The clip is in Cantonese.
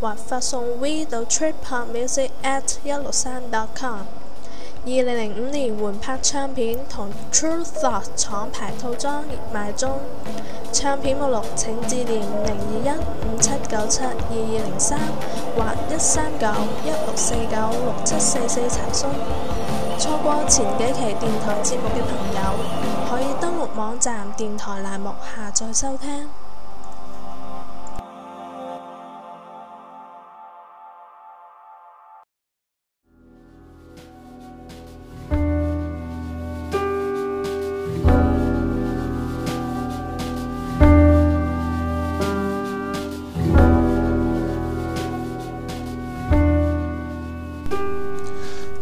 或發送 V 到 triphopmusic@163.com at。二零零五年換拍唱片同 TrueThought 廠牌套裝熱賣中。唱片目錄請致電零二一五七九七二二零三或一三九一六四九六七四四查詢。錯過前幾期電台節目嘅朋友，可以登錄網站電台欄目下載收聽。